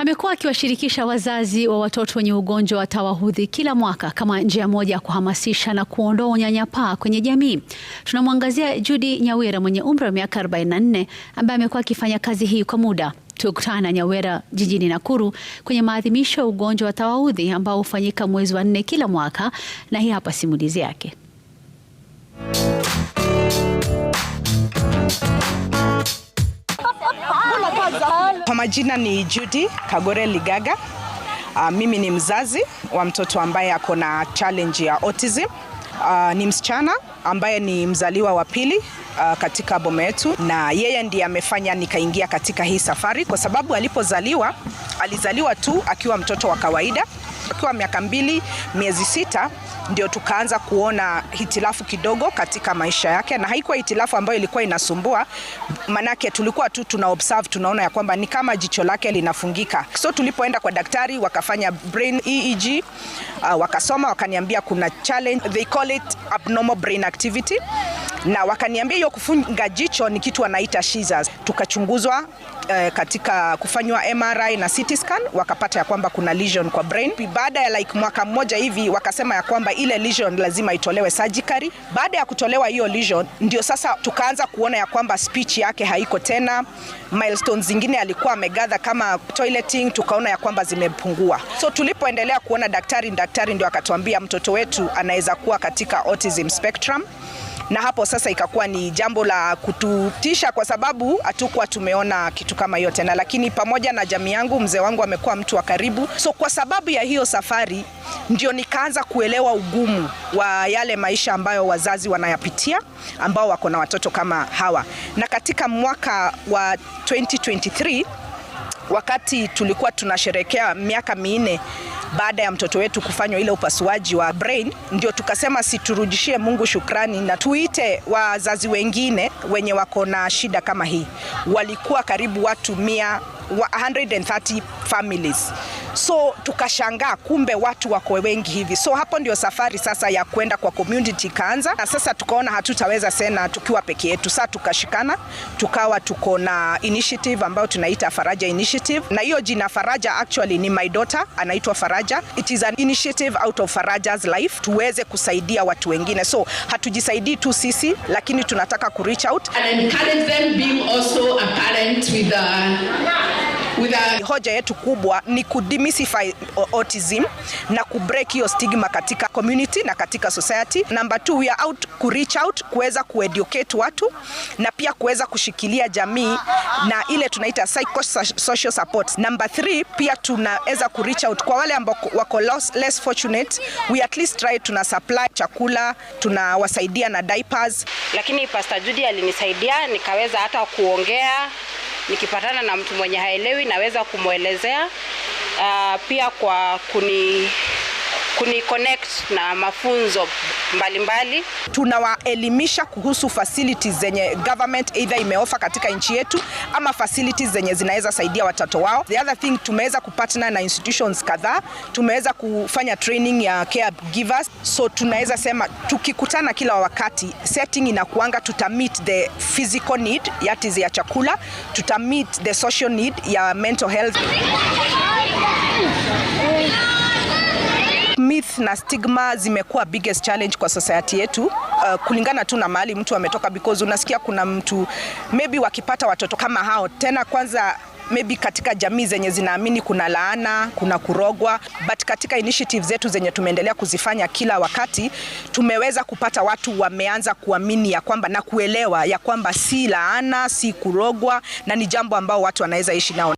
Amekuwa akiwashirikisha wazazi wa watoto wenye ugonjwa wa tawahudhi kila mwaka kama njia moja ya kuhamasisha na kuondoa unyanyapaa kwenye jamii. Tunamwangazia Judy Nyawira mwenye umri wa miaka 44 ambaye amekuwa akifanya kazi hii kwa muda. Tukutana na Nyawira jijini Nakuru kwenye maadhimisho ya ugonjwa wa tawahudhi ambao hufanyika mwezi wa nne kila mwaka, na hii hapa simulizi yake. majina ni Judy Kagore Ligaga. Uh, mimi ni mzazi wa mtoto ambaye ako na challenge ya autism. Uh, ni msichana ambaye ni mzaliwa wa pili uh, katika boma yetu, na yeye ndiye amefanya nikaingia katika hii safari, kwa sababu alipozaliwa alizaliwa tu akiwa mtoto wa kawaida Akiwa miaka mbili miezi sita ndio tukaanza kuona hitilafu kidogo katika maisha yake, na haikuwa hitilafu ambayo ilikuwa inasumbua, manake tulikuwa tu tuna observe, tunaona ya kwamba ni kama jicho lake linafungika. So tulipoenda kwa daktari wakafanya brain EEG, uh, wakasoma wakaniambia kuna challenge, they call it abnormal brain activity na wakaniambia hiyo kufunga jicho ni kitu wanaita shizas. Tukachunguzwa eh, katika kufanywa MRI na CT scan, wakapata ya kwamba kuna lesion kwa brain. Baada ya like mwaka mmoja hivi wakasema ya kwamba ile lesion lazima itolewe surgically. Baada ya kutolewa hiyo lesion, ndio sasa tukaanza kuona ya kwamba speech yake haiko tena. Milestones zingine alikuwa amegadha kama toileting, tukaona ya kwamba zimepungua. So tulipoendelea kuona daktari daktari, ndio akatuambia mtoto wetu anaweza kuwa katika autism spectrum na hapo sasa ikakuwa ni jambo la kututisha, kwa sababu hatukuwa tumeona kitu kama hiyo tena. Lakini pamoja na jamii yangu, mzee wangu amekuwa mtu wa karibu, so kwa sababu ya hiyo safari ndio nikaanza kuelewa ugumu wa yale maisha ambayo wazazi wanayapitia ambao wako na watoto kama hawa, na katika mwaka wa 2023 Wakati tulikuwa tunasherekea miaka minne baada ya mtoto wetu kufanywa ile upasuaji wa brain, ndio tukasema siturudishie Mungu shukrani na tuite wazazi wengine wenye wako na shida kama hii. Walikuwa karibu watu mia 130 families So tukashangaa kumbe watu wako wengi hivi. So hapo ndio safari sasa ya kwenda kwa community ikaanza, na sasa tukaona hatutaweza sena tukiwa peke yetu. Sasa tukashikana, tukawa tuko na initiative ambayo tunaita Faraja Initiative, na hiyo jina Faraja actually ni my daughter anaitwa Faraja. It is an initiative out of Faraja's life, tuweze kusaidia watu wengine. So hatujisaidii tu sisi, lakini tunataka ku reach out and encourage them being also a parent with a, with a hoja yetu kubwa ni kudemystify autism na kubreak hiyo stigma katika community na katika society. Number two, we are out ku reach out kuweza kueducate watu na pia kuweza kushikilia jamii na ile tunaita psychosocial support. Number three, pia tunaweza ku reach out kwa wale ambao wako less fortunate, we at least try, tuna supply chakula, tunawasaidia na diapers. Lakini Pastor Judy alinisaidia nikaweza hata kuongea, nikipatana na mtu mwenye haelewi naweza kum kumwelezea uh, pia kwa kuni kuni connect na mafunzo mbalimbali. Tunawaelimisha kuhusu facilities zenye government either imeofa katika nchi yetu ama facilities zenye zinaweza saidia watoto wao. The other thing, tumeweza kupartner na institutions kadhaa, tumeweza kufanya training ya caregivers, so tunaweza sema tukikutana kila wakati setting inakuanga tuta meet the physical need yatizi ya chakula, tuta meet the social need ya mental health na stigma zimekuwa biggest challenge kwa society yetu, uh, kulingana tu na mahali mtu ametoka, because unasikia kuna mtu maybe wakipata watoto kama hao tena kwanza maybe katika jamii zenye zinaamini kuna laana, kuna kurogwa, but katika initiatives zetu zenye tumeendelea kuzifanya kila wakati, tumeweza kupata watu wameanza kuamini ya kwamba na kuelewa ya kwamba si laana, si kurogwa na ni jambo ambao watu wanaweza ishi nao.